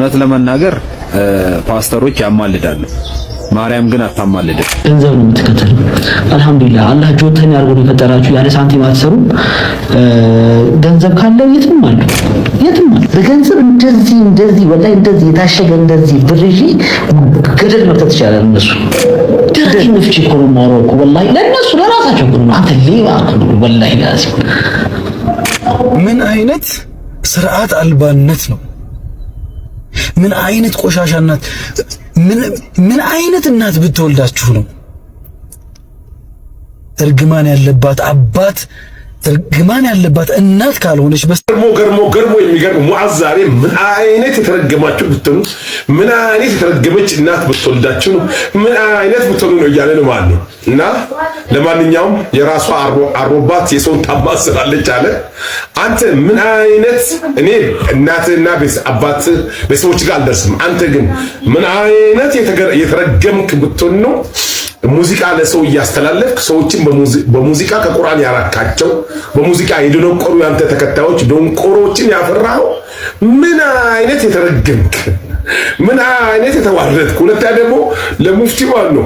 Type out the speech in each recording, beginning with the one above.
እውነት ለመናገር ፓስተሮች ያማልዳሉ፣ ማርያም ግን አታማልድም። ገንዘብ ነው የምትከተሉ። አልሐምዱሊላህ አላህ ጆተን ያርጎ ነው የፈጠራችሁ። ያለ ሳንቲም አትሰሩ። ገንዘብ ካለ የትም አለ፣ የትም አለ። በገንዘብ እንደዚህ እንደዚህ ወላሂ እንደዚህ የታሸገ እንደዚህ ብር ይዤ ገደል መክተት ይቻላል። እነሱ ደረቅ ነፍቼ እኮ ነው የማወራው እኮ ወላሂ፣ ለእነሱ ለራሳቸው እኮ ነው። አንተ ሌባ ወላሂ። ምን አይነት ስርዓት አልባነት ነው? ምን አይነት ቆሻሻ እናት፣ ምን አይነት እናት ብትወልዳችሁ ነው እርግማን ያለባት አባት እርግማን ያለባት እናት ካልሆነች ገርሞ ገርሞ ገርሞ የሚገርም ሙዓዝ ዛሬ ምን አይነት የተረገማችሁ ብትኑ ምን አይነት የተረገመች እናት ብትወልዳችሁ ነው ምን አይነት ብትሆኑ ነው እያለ ነው ማለት ነው። እና ለማንኛውም የራሷ አሮባት የሰውን ታማስላለች አለ። አንተ ምን አይነት እኔ እናትና አባት ቤተሰቦች ጋር አልደርስም። አንተ ግን ምን አይነት የተረገምክ ብትሆን ነው ሙዚቃ ለሰው እያስተላለፍክ ሰዎችን በሙዚቃ ከቁርአን ያራካቸው በሙዚቃ የደነቆሩ ያንተ ተከታዮች ደንቆሮችን ያፈራው ምን አይነት የተረገምክ ምን አይነት የተዋረድኩ። ሁለተኛ ደግሞ ለሙፍቲ ማለት ነው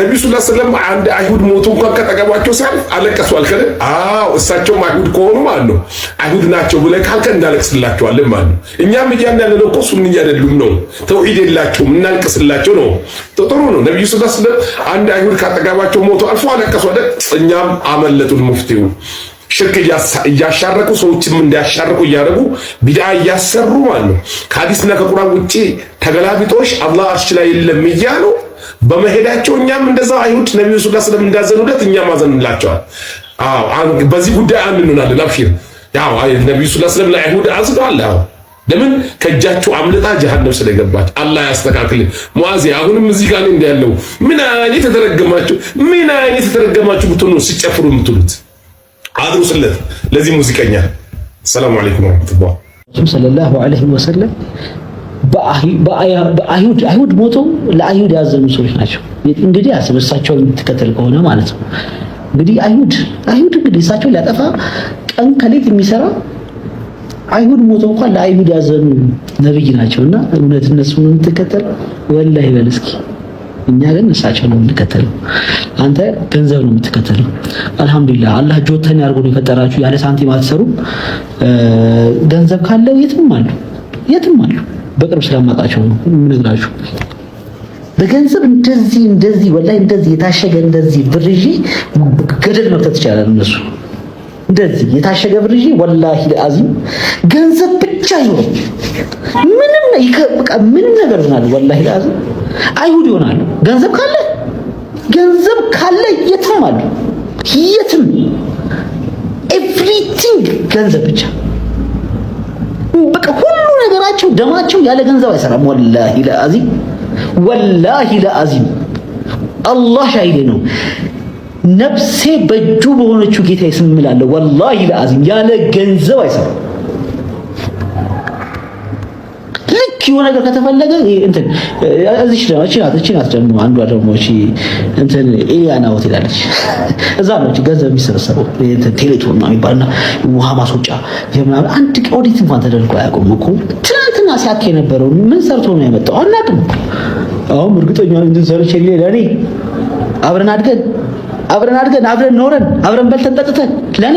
ነቢዩ ስ ስለም አንድ አይሁድ ሞቱ እንኳን ከጠገባቸው ሳል አለቀሱ አልከን? አዎ እሳቸውም አይሁድ ከሆኑ ማለት ነው አይሁድ ናቸው ብለህ ካልከን እናለቅስላቸዋለን ማለት ነው። እኛም እያን ያለነው እኮ ሱንያ አይደሉም ነው ተውሂድ የላቸውም እናልቅስላቸው ነው። ጥሩ ነው። ነቢዩ ስ ስለም አንድ አይሁድ ካጠገባቸው ሞቱ አልፎ አለቀሱ አለ። እኛም አመለጡን ሙፍቲው ሽርክ እያሻረቁ ሰዎችም እንዲያሻርቁ እያደረጉ ቢድዓ እያሰሩ ማለት ነው። ከሀዲስና ከቁርአን ውጪ ተገላቢጦሽ አላህ አርሽ ላይ የለም እያሉ በመሄዳቸው እኛም እንደዛ አይሁድ ነቢዩ ስ ስለም እንዳዘኑለት እኛም አዘንላቸዋል። በዚህ ጉዳይ አንድ እንሆናለን። አብሽር ነቢዩ ስ ስለም ላይ ለአይሁድ አዝነዋል። ለምን ከእጃቸው አምልጣ ጀሃነም ስለገባች። አላህ ያስተካክል። ሙአዜ አሁንም እዚህ ጋር እንዲያለው ምን አይነት የተረገማችሁ ምን አይነት የተረገማችሁ ብትሆኑ ሲጨፍሩ የምትሉት አድሩስለት ለዚህ ሙዚቀኛ። ሰላም አለይኩም ወራህመቱላህ። ሰለላሁ ዐለይሂ ወሰለም አይሁድ ሞቶ ለአይሁድ ያዘኑ ሰዎች ናቸው። እንግዲህ እሳቸው የምትከተል ከሆነ ማለት ነው። እንግዲህ አይሁድ አይሁድ እንግዲህ እሳቸው ሊያጠፋ ቀን ከሌት የሚሰራ አይሁድ ሞቶ እንኳን ለአይሁድ ያዘኑ ነብይ ናቸውና እውነት ምን ተከተል ወላሂ በል እስኪ እኛ ግን እሳቸው ነው የምንከተለው። አንተ ገንዘብ ነው የምትከተለው። አልሐምዱሊላህ አላህ ጆተን ያርጎ ነው የፈጠራችሁ። ያለ ሳንቲም አትሰሩም። ገንዘብ ካለው የትም አሉ፣ የትም አሉ። በቅርብ ስለማውቃቸው ነው የምነግራችሁ። በገንዘብ እንደዚህ እንደዚህ ወላሂ እንደዚህ የታሸገ እንደዚህ ብር ገደል መክተት ይቻላል። እነሱ እንደዚህ የታሸገ ብር ወላሂ ለአዚም ገንዘብ ብቻ ይሆን ምንም ነገር ይሆናል። ወላሂ ለአዚም አይሁድ ይሆናሉ። ገንዘብ ካለ ገንዘብ ካለ የትም አሉ የትም ኤቭሪቲንግ ገንዘብ ብቻ በቃ ሁሉ ነገራቸው ደማቸው ያለ ገንዘብ አይሰራም። ወላሂ ለአዚም ወላሂ ለአዚም አላህ ሻሂዴ ነው። ነፍሴ በእጁ በሆነችው ጌታ ስም እምላለሁ። ወላሂ ለአዚም ያለ ገንዘብ አይሰራም። ኪው ነገር ከተፈለገ እንትን እዚች ነው እቺ ናት እቺ ናት። ደግሞ አንዷ ደግሞ እቺ እንትን ኤሊያና ሆቴል አለች። እዛ ነው እቺ ገንዘብ የሚሰበሰበው እንትን ቴሌቶን ነው የሚባልና ውሃ ማስወጫ የምናምን አንድ ኦዲት እንኳን ተደርጎ አያውቁም እኮ ትናንትና ሲያካ የነበረው ምን ሰርቶ ነው የመጣው አናውቅም። አሁን እርግጠኛ እንትን ሰርቼ ለኔ አብረን አድገን አብረን አድገን አብረን ኖረን አብረን በልተን ጠጥተን ለኔ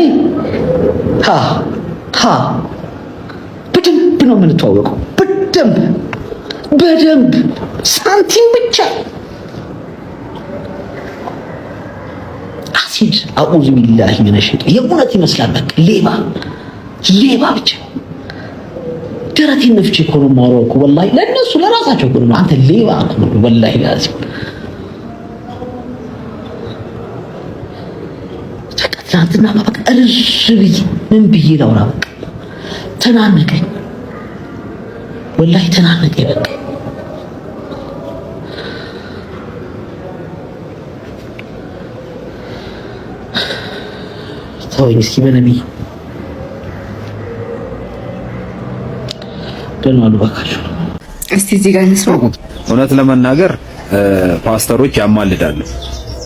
ሀ ሀ በደንብ ነው የምንተዋወቀው። በደንብ በደንብ ሳንቲም ብቻ አሲድ አዑዙ ቢላሂ ሚነ ሸይጣን የእውነት ይመስላል። በቃ ሌባ ሌባ ብቻ ደረቴን ነፍቼ እኮ ነው የማወራው እኮ ወላሂ፣ ለእነሱ ለራሳቸው እኮ ነው። አንተ ሌባ እኮ ነው ወላሂ ያዝ ትናንትና በቃ እርስ ብዬ ምን ብዬ ላውራ በቃ ተናነቀኝ። ወላሂ ተናነቀ። በቃ ተወኝ እስኪ በነቢይ ደህና ዋሉ እስቲ እዚህ ጋር እንስማው። እውነት ለመናገር ፓስተሮች ያማልዳሉ፣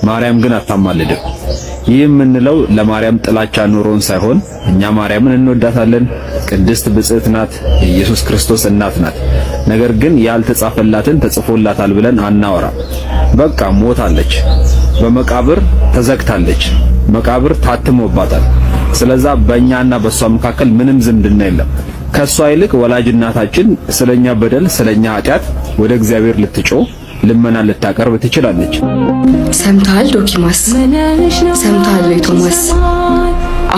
ማርያም ግን አታማልድም። ይህ የምንለው ለማርያም ጥላቻ ኑሮን ሳይሆን እኛ ማርያምን እንወዳታለን፣ ቅድስት ብጽዕት ናት፣ የኢየሱስ ክርስቶስ እናት ናት። ነገር ግን ያልተጻፈላትን ተጽፎላታል ብለን አናወራ። በቃ ሞታለች፣ በመቃብር ተዘግታለች፣ መቃብር ታትሞባታል። ስለዛ በእኛና በእሷ መካከል ምንም ዝምድና የለም። ከእሷ ይልቅ ወላጅ እናታችን ስለኛ በደል ስለኛ ኃጢአት ወደ እግዚአብሔር ልትጮ ልመና ልታቀርብ ትችላለች። ሰምተሃል ዶኪማስ፣ ሰምተሃል ቶማስ።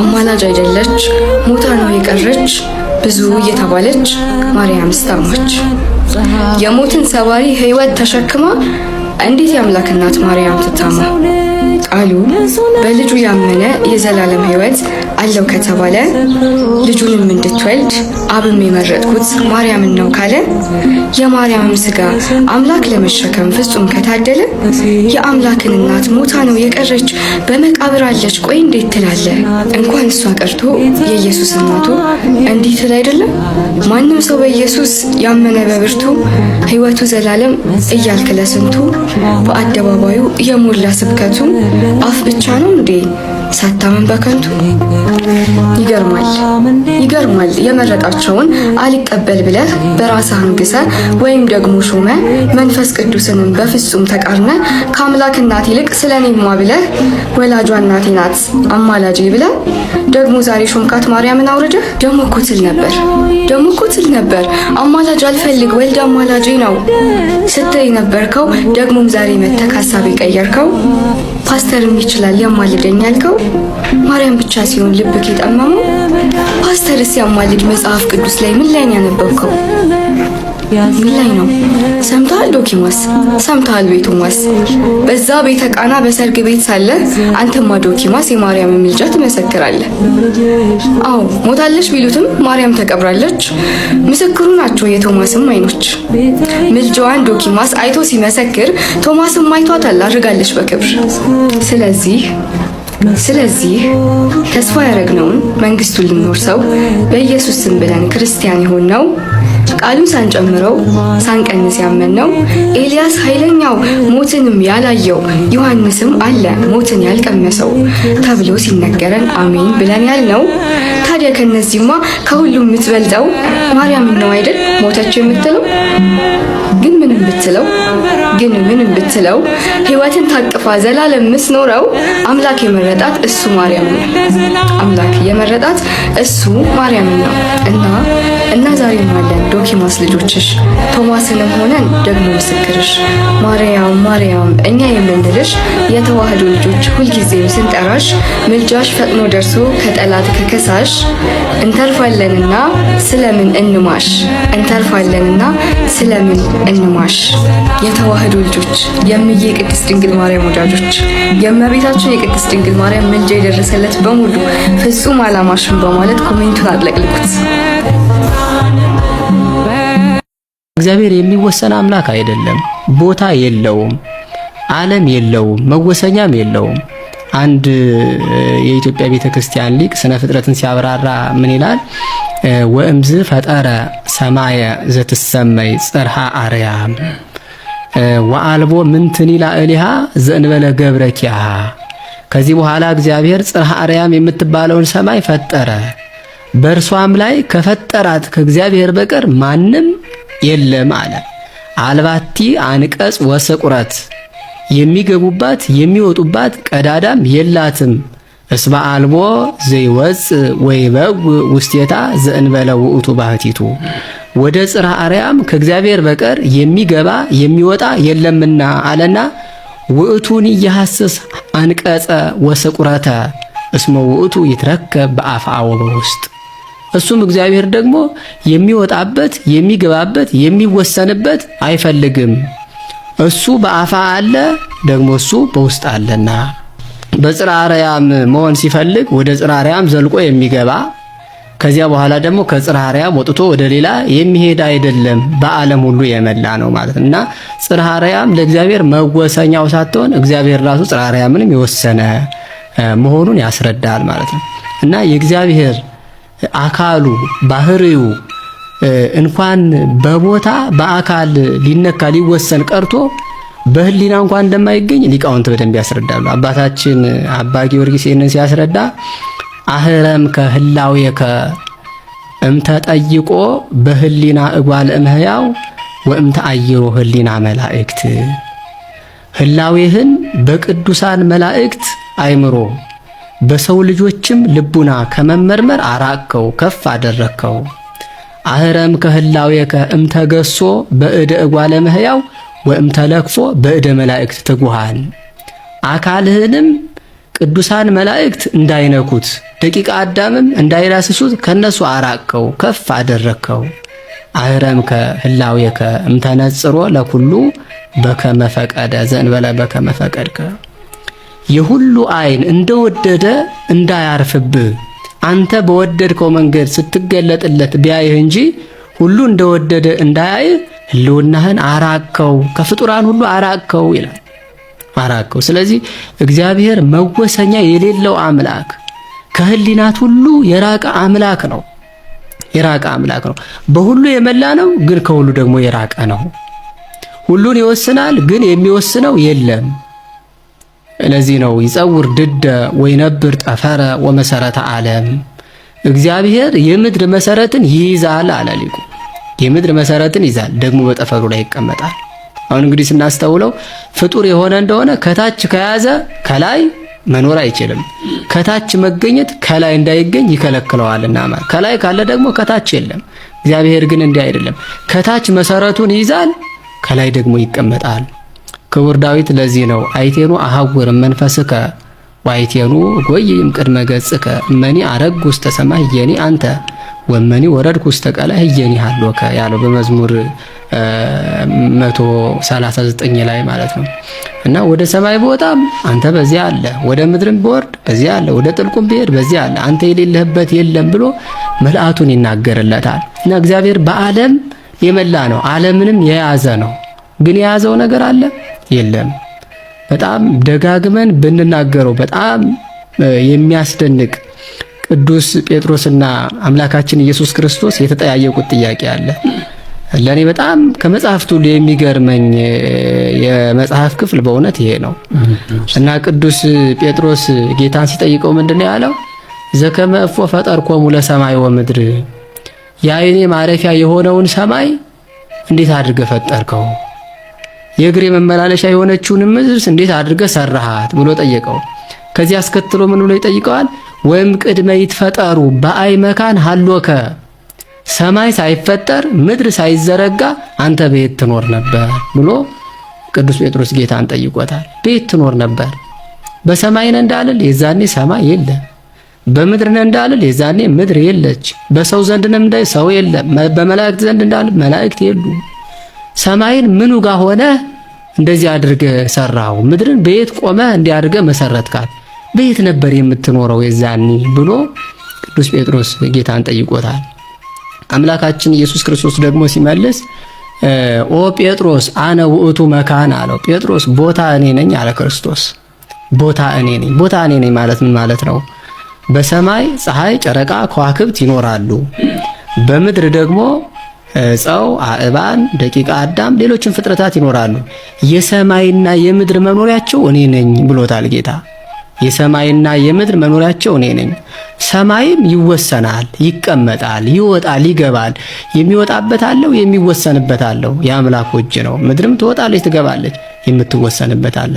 አማላጅ አይደለች ሞታ ነው የቀረች ብዙ እየተባለች ማርያም ስታማች የሞትን ሰባሪ ህይወት ተሸክማ እንዴት የአምላክ እናት ማርያም ትታማ? ቃሉ በልጁ ያመነ የዘላለም ህይወት አለው ከተባለ ልጁንም እንድትወልድ አብም የመረጥኩት ማርያምን ነው ካለ የማርያምም ስጋ አምላክ ለመሸከም ፍጹም ከታደለ የአምላክን እናት ሞታ ነው የቀረች በመቃብር አለች ቆይ እንዴት ትላለ? እንኳን እሷ ቀርቶ የኢየሱስ እናቱ እንዲህ ትል አይደለም? ማንም ሰው በኢየሱስ ያመነ በብርቱ ህይወቱ ዘላለም እያልክ ለስንቱ በአደባባዩ የሞላ ስብከቱ አፍ ብቻ ነው እንዴ? ça t'a un tout. ይገርማል ይገርማል። የመረጣቸውን አልቀበል ብለህ በራስህ አንግሰ ወይም ደግሞ ሾመ መንፈስ ቅዱስንም በፍጹም ተቃርነ ከአምላክ እናት ይልቅ ስለ እኔማ ብለህ ወላጇ እናቴ ናት አማላጄ ብለህ ደግሞ ዛሬ ሾምካት ማርያምን አውርደህ ደግሞ እኮ ትል ነበር ደግሞ እኮ ትል ነበር አማላጅ አልፈልግ ወልድ አማላጅ ነው ስትይ ነበርከው። ደግሞም ዛሬ መተህ ሀሳብ የቀየርከው ፓስተርም ይችላል ያማልደኝ ያልከው ማርያም ብቻ ሲሆን ልብ እየጠመሙ ፓስተርስ ሲያማልድ መጽሐፍ ቅዱስ ላይ ምን ላይ ያነበብከው? ምን ላይ ነው? ሰምተሃል? ዶኪማስ ሰምተሃል? ቤቶማስ በዛ ቤተ ቃና በሰርግ ቤት ሳለ አንተማ ዶኪማስ የማርያምን ምልጃ ትመሰክራለህ። አዎ ሞታለች ቢሉትም ማርያም ተቀብራለች ምስክሩ ናቸው የቶማስም አይኖች። ምልጃዋን ዶኪማስ አይቶ ሲመሰክር ቶማስም አይቷታል አድርጋለች በክብር። ስለዚህ ስለዚህ ተስፋ ያደረግነውን መንግስቱን ሰው በኢየሱስ ስም ብለን ክርስቲያን የሆን ነው። ቃሉን ሳንጨምረው ሳንቀንስ ያመን ነው። ኤልያስ ኃይለኛው ሞትንም ያላየው ዮሐንስም አለ ሞትን ያልቀመሰው ተብሎ ሲነገረን አሜን ብለን ያል ነው። ታዲያ ከነዚህማ ከሁሉም የምትበልጠው ማርያም ነው አይደል? ሞተችው የምትለው ግን ምንም ብትለው ግን ምንም ብትለው ህይወትን ታቅፋ ዘላለም ምስኖረው? አምላክ የመረጣት እሱ ማርያም ነው። አምላክ የመረጣት እሱ ማርያም ነው እና እና ዛሬ ማለን የኒኪማስ ማስልጆችሽ ቶማስ ስለሆነን ደግሞ ምስክርሽ። ማርያም ማርያም እኛ የምንልሽ የተዋህዶ ልጆች ሁልጊዜም ስንጠራሽ ምልጃሽ ፈጥኖ ደርሶ ከጠላት ከከሳሽ እንተርፋለንና ስለምን እንማሽ እንተርፋለንና ስለምን እንማሽ። የተዋህዶ ልጆች የምዬ የቅድስት ድንግል ማርያም ወዳጆች የእመቤታችን የቅድስት ድንግል ማርያም ምልጃ የደረሰለት በሙሉ ፍጹም አላማሽን በማለት ኮሜንቱን አጥለቅልቁት። እግዚአብሔር የሚወሰን አምላክ አይደለም። ቦታ የለውም፣ ዓለም የለውም፣ መወሰኛም የለውም። አንድ የኢትዮጵያ ቤተክርስቲያን ሊቅ ስነ ፍጥረትን ሲያብራራ ምን ይላል? ወእምዝ ፈጠረ ሰማየ ዘትሰመይ ጽርሃ አርያም ወአልቦ ምንትኒ ላዕሊሃ ዘእንበለ ዘንበለ ገብረኪያ ከዚህ በኋላ እግዚአብሔር ጽርሃ አርያም የምትባለውን ሰማይ ፈጠረ። በእርሷም ላይ ከፈጠራት ከእግዚአብሔር በቀር ማንም የለም አለ። አልባቲ አንቀጽ ወሰቁረት የሚገቡባት የሚወጡባት ቀዳዳም የላትም። እስባ አልቦ ዘይወፅ ወይበው ውስቴታ ዘእንበለ ውእቱ ባህቲቱ ወደ ጽርሐ አርያም ከእግዚአብሔር በቀር የሚገባ የሚወጣ የለምና አለና ውእቱን እየሐስስ አንቀጸ ወሰቁረተ እስመ ውእቱ ይትረከብ በአፍአ ወበውስጥ እሱም እግዚአብሔር ደግሞ የሚወጣበት የሚገባበት የሚወሰንበት አይፈልግም። እሱ በአፋ አለ ደግሞ እሱ በውስጥ አለና በጽራርያም መሆን ሲፈልግ ወደ ጽራርያም ዘልቆ የሚገባ ከዚያ በኋላ ደግሞ ከጽራርያም ወጥቶ ወደ ሌላ የሚሄድ አይደለም። በዓለም ሁሉ የመላ ነው ማለት እና ጽራርያም ለእግዚአብሔር መወሰኛው ሳትሆን እግዚአብሔር ራሱ ጽራርያምንም የወሰነ መሆኑን ያስረዳል ማለት ነው እና የእግዚአብሔር አካሉ ባህሪው እንኳን በቦታ በአካል ሊነካ ሊወሰን ቀርቶ በህሊና እንኳን እንደማይገኝ ሊቃውንት በደንብ ያስረዳሉ። አባታችን አባ ጊዮርጊስ ይህንን ሲያስረዳ አህረም እምተ ጠይቆ በህሊና እጓል እምህያው ወእምተአይሮ ህሊና መላእክት ህላዌህን በቅዱሳን መላእክት አይምሮ በሰው ልጆችም ልቡና ከመመርመር አራቅከው ከፍ አደረግከው። አህረም ከህላዌከ እምተገሶ በእደ እጓለ መሕያው ወእምተለክፎ በእደ መላእክት ትጉሃን። አካልህንም ቅዱሳን መላእክት እንዳይነኩት ደቂቀ አዳምም እንዳይዳስሱት ከነሱ አራቅከው ከፍ አደረግከው። አህረምከ ህላዌከ እምተነጽሮ ለኩሉ በከመፈቀደ ዘንበለ በከመፈቀድከ የሁሉ አይን እንደወደደ እንዳያርፍብህ አንተ በወደድከው መንገድ ስትገለጥለት ቢያይህ እንጂ ሁሉ እንደወደደ እንዳያይህ ህልውናህን አራቅከው፣ ከፍጡራን ሁሉ አራቅከው ይላል። አራቅከው። ስለዚህ እግዚአብሔር መወሰኛ የሌለው አምላክ ከህሊናት ሁሉ የራቀ አምላክ ነው። የራቀ አምላክ ነው። በሁሉ የመላ ነው፣ ግን ከሁሉ ደግሞ የራቀ ነው። ሁሉን ይወስናል፣ ግን የሚወስነው የለም። ለዚህ ነው ይጸውር ድደ ወይነብር ጠፈረ ወመሰረተ ዓለም እግዚአብሔር የምድር መሰረትን ይይዛል አለ ሊቁ። የምድር መሰረትን ይዛል ደግሞ በጠፈሩ ላይ ይቀመጣል። አሁን እንግዲህ ስናስተውለው ፍጡር የሆነ እንደሆነ ከታች ከያዘ ከላይ መኖር አይችልም። ከታች መገኘት ከላይ እንዳይገኝ ይከለክለዋልና ከላይ ካለ ደግሞ ከታች የለም። እግዚአብሔር ግን እንዲህ አይደለም። ከታች መሰረቱን ይይዛል፣ ከላይ ደግሞ ይቀመጣል። ክቡር ዳዊት ለዚህ ነው አይቴኑ አሃውር መንፈስከ ዋይቴኑ ጎይም ቅድመ ገጽከ እመኒ አረግ ውስተ ሰማይ ህየኒ አንተ ወመኒ ወረድ ውስተ ቀላይ ህየኒ ሃሎከ ያለው በመዝሙር 139 ላይ ማለት ነው። እና ወደ ሰማይ ቦታ አንተ በዚያ አለ፣ ወደ ምድርም በወርድ በዚያ አለ፣ ወደ ጥልቁም ብሄድ በዚያ አለ፣ አንተ የሌለህበት የለም ብሎ መልአቱን ይናገርለታል። እና እግዚአብሔር በዓለም የመላ ነው፣ ዓለምንም የያዘ ነው። ግን የያዘው ነገር አለ የለም። በጣም ደጋግመን ብንናገረው በጣም የሚያስደንቅ ቅዱስ ጴጥሮስና አምላካችን ኢየሱስ ክርስቶስ የተጠያየቁት ጥያቄ አለ። ለእኔ በጣም ከመጽሐፍቱ ሁሉ የሚገርመኝ የመጽሐፍ ክፍል በእውነት ይሄ ነው እና ቅዱስ ጴጥሮስ ጌታን ሲጠይቀው ምንድን ነው ያለው? ዘከመ እፎ ፈጠርኮሙ ለሰማይ ወምድር፣ የዓይኔ ማረፊያ የሆነውን ሰማይ እንዴት አድርገ ፈጠርከው? የእግሬ መመላለሻ የሆነችውን ምድርስ እንዴት አድርገ ሰራሃት ብሎ ጠየቀው። ከዚህ አስከትሎ ምን ብሎ ይጠይቀዋል? ወይም ቅድመ ይትፈጠሩ በአይ መካን ሀሎከ ሰማይ ሳይፈጠር ምድር ሳይዘረጋ አንተ ቤት ትኖር ነበር ብሎ ቅዱስ ጴጥሮስ ጌታን ጠይቆታል። ቤት ትኖር ነበር። በሰማይ ነህ እንዳልል የዛኔ ሰማይ የለም። በምድር ነህ እንዳልል የዛኔ ምድር የለች። በሰው ዘንድ ነህ እንዳይ ሰው የለም። በመላእክት ዘንድ እንዳልል መላእክት የሉም። ሰማይን ምኑ ጋር ሆነ እንደዚህ አድርገ ሰራው፣ ምድርን በየት ቆመ እንዲህ አድርገ መሰረትካት፣ በየት ነበር የምትኖረው የዛኒ ብሎ ቅዱስ ጴጥሮስ ጌታን ጠይቆታል። አምላካችን ኢየሱስ ክርስቶስ ደግሞ ሲመልስ ኦ ጴጥሮስ አነ ውእቱ መካን አለው። ጴጥሮስ ቦታ እኔ ነኝ አለ ክርስቶስ። ቦታ እኔ ነኝ። ቦታ እኔ ነኝ ማለት ምን ማለት ነው? በሰማይ ፀሐይ፣ ጨረቃ፣ ከዋክብት ይኖራሉ። በምድር ደግሞ ፀው አእባን ደቂቃ አዳም ሌሎችን ፍጥረታት ይኖራሉ። የሰማይና የምድር መኖሪያቸው እኔ ነኝ ብሎታል ጌታ። የሰማይና የምድር መኖሪያቸው እኔ ነኝ። ሰማይም ይወሰናል፣ ይቀመጣል፣ ይወጣል፣ ይገባል። የሚወጣበት አለው፣ የሚወሰንበት አለው። የአምላኩ እጅ ነው። ምድርም ትወጣለች፣ ትገባለች፣ የምትወሰንበት አለ።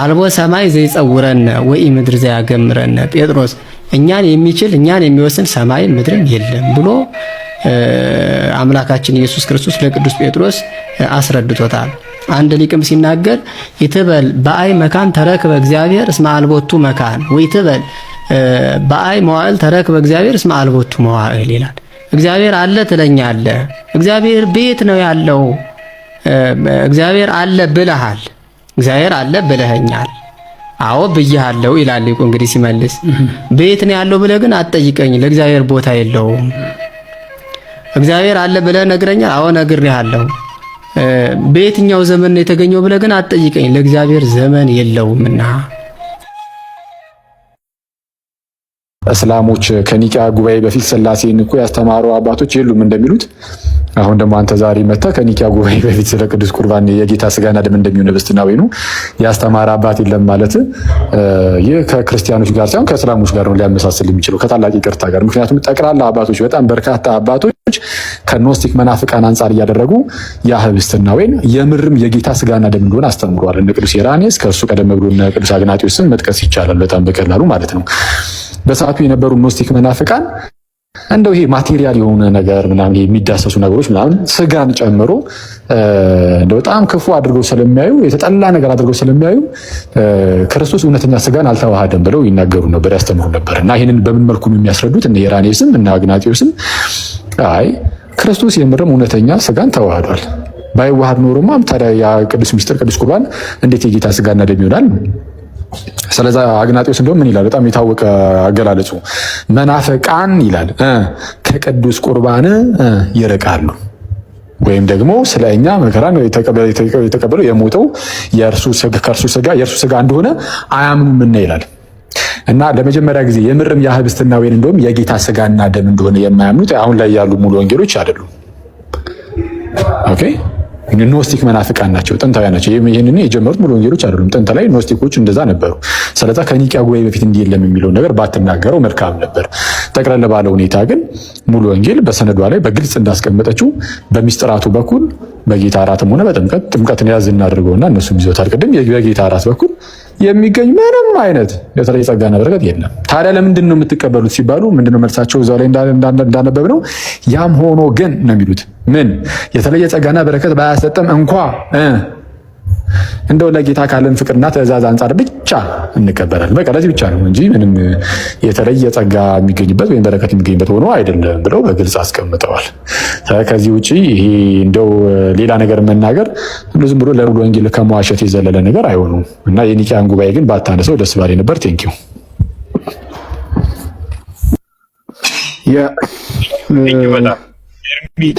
አልቦ ሰማይ ዘይጸውረነ ወኢ ምድር ዘያገምረነ ጴጥሮስ እኛን የሚችል እኛን የሚወስን ሰማይ ምድርም የለም ብሎ አምላካችን ኢየሱስ ክርስቶስ ለቅዱስ ጴጥሮስ አስረድቶታል። አንድ ሊቅም ሲናገር ይትበል በአይ መካን ተረክበ እግዚአብሔር እስመ አልቦቱ መካን ወይትበል በአይ መዋዕል ተረክበ እግዚአብሔር እስመ አልቦቱ መዋዕል ይላል። እግዚአብሔር አለ ትለኛለ፣ እግዚአብሔር ቤት ነው ያለው። እግዚአብሔር አለ ብለሃል፣ እግዚአብሔር አለ ብለኸኛል። አዎ ብያለሁ ይላል ሊቁ። እንግዲህ ሲመልስ ቤት ነው ያለው ብለህ ግን አትጠይቀኝ፣ ለእግዚአብሔር ቦታ የለውም እግዚአብሔር አለ ብለህ ነግረኛል። አዎ ነግሬሃለሁ። በየትኛው ዘመን ነው የተገኘው ብለህ ግን አትጠይቀኝ። ለእግዚአብሔር ዘመን የለውምና እስላሞች ከኒቂያ ጉባኤ በፊት ስላሴን እኮ ያስተማሩ አባቶች የሉም እንደሚሉት አሁን ደግሞ አንተ ዛሬ መታ ከኒኪያ ጉባኤ በፊት ስለ ቅዱስ ቁርባን የጌታ ስጋና ደም እንደሚሆን ህብስትና ወይኑ ያስተማረ አባት የለም ማለት ይህ ከክርስቲያኖች ጋር ሳይሆን ከእስላሞች ጋር ነው ሊያመሳስል የሚችለው ከታላቅ ይቅርታ ጋር። ምክንያቱም ጠቅላላ አባቶች፣ በጣም በርካታ አባቶች ከኖስቲክ መናፍቃን አንጻር እያደረጉ ያ ህብስትና ወይን የምርም የጌታ ስጋና ደም እንደሆነ አስተምሯል። እነ ቅዱስ ኢራኔስ ከእሱ ቀደም ብሎ እነ ቅዱስ መጥቀስ ይቻላል በጣም በቀላሉ ማለት ነው። በሰዓቱ የነበሩ ኖስቲክ መናፍቃን እንደው ይሄ ማቴሪያል የሆነ ነገር ምናምን የሚዳሰሱ ነገሮች ምናምን ስጋን ጨምሮ በጣም ክፉ አድርገው ስለሚያዩ የተጠላ ነገር አድርገው ስለሚያዩ ክርስቶስ እውነተኛ ስጋን አልተዋሃደም ብለው ይናገሩ ነበር፣ ያስተምሩ ነበር። እና ይህንን በምን መልኩ ነው የሚያስረዱት? እነ ኢራኔስም እና አግናጢዮስም አይ ክርስቶስ የምርም እውነተኛ ስጋን ተዋህዷል፣ ባይዋሃድ ኖሮማ ታዲያ ያ ቅዱስ ሚስጥር ቅዱስ ቁርባን እንዴት የጌታ ስጋና ደም ይሆናል? ስለዛ አግናጤዎስ እንደውም ምን ይላል? በጣም የታወቀ አገላለጹ መናፈቃን ይላል ከቅዱስ ቁርባን ይርቃሉ ወይም ደግሞ ስለ እኛ መከራን የተቀበለው የሞተው ከእርሱ ስጋ የእርሱ ስጋ እንደሆነ አያምኑምና ይላል። እና ለመጀመሪያ ጊዜ የምርም የህብስትና ወይን እንደውም የጌታ ስጋና ደም እንደሆነ የማያምኑት አሁን ላይ ያሉ ሙሉ ወንጌሎች አይደሉም። ኦኬ ኖስቲክ መናፍቃን ናቸው፣ ጥንታውያን ናቸው። ይህንን የጀመሩት ሙሉ ወንጌሎች አይደሉም። ጥንት ላይ ኖስቲኮች እንደዛ ነበሩ። ስለዛ ከኒቂያ ጉባኤ በፊት እንዲህ የለም የሚለውን ነገር ባትናገረው መልካም ነበር። ጠቅለል ባለ ሁኔታ ግን ሙሉ ወንጌል በሰነዷ ላይ በግልጽ እንዳስቀመጠችው በሚስጥራቱ በኩል በጌታ እራትም ሆነ በጥምቀት ጥምቀትን ያዝ እናድርገውና እነሱም ይዞታል። ቅድም በጌታ እራት በኩል የሚገኝ ምንም አይነት የተለየ ጸጋና በረከት የለም። ታዲያ ለምንድን ነው የምትቀበሉት ሲባሉ ምንድነው መልሳቸው እዛው ላይ እንዳነበብ ነው። ያም ሆኖ ግን ነው የሚሉት ምን የተለየ ጸጋና በረከት ባያሰጠም እንኳ እንደው ለጌታ ካለን ፍቅርና ትእዛዝ አንጻር ብቻ እንቀበላለን። በቃ ለዚህ ብቻ ነው እንጂ ምንም የተለየ ጸጋ የሚገኝበት ወይም በረከት የሚገኝበት ሆኖ አይደለም ብለው በግልጽ አስቀምጠዋል። ከዚህ ውጭ ይሄ እንደው ሌላ ነገር መናገር ዝም ብሎ ለሙሉ ወንጌል ከመዋሸት የዘለለ ነገር አይሆኑም እና የኒቅያን ጉባኤ ግን ባታነሰው ደስ ባሌ ነበር። ቴንኪው በጣም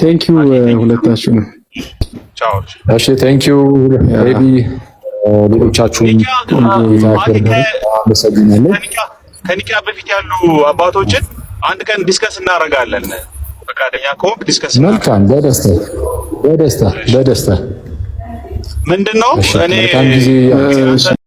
ቴንኪዩ ሁለታችሁ ነው። እሺ ቤቢ uh, ሌሎቻችሁም በፊት ያሉ አባቶችን አንድ ቀን ዲስከስ እናደርጋለን። ፈቃደኛ ከሆንክ ዲስከስ መልካም። በደስታ በደስታ በደስታ ምንድን ነው እኔ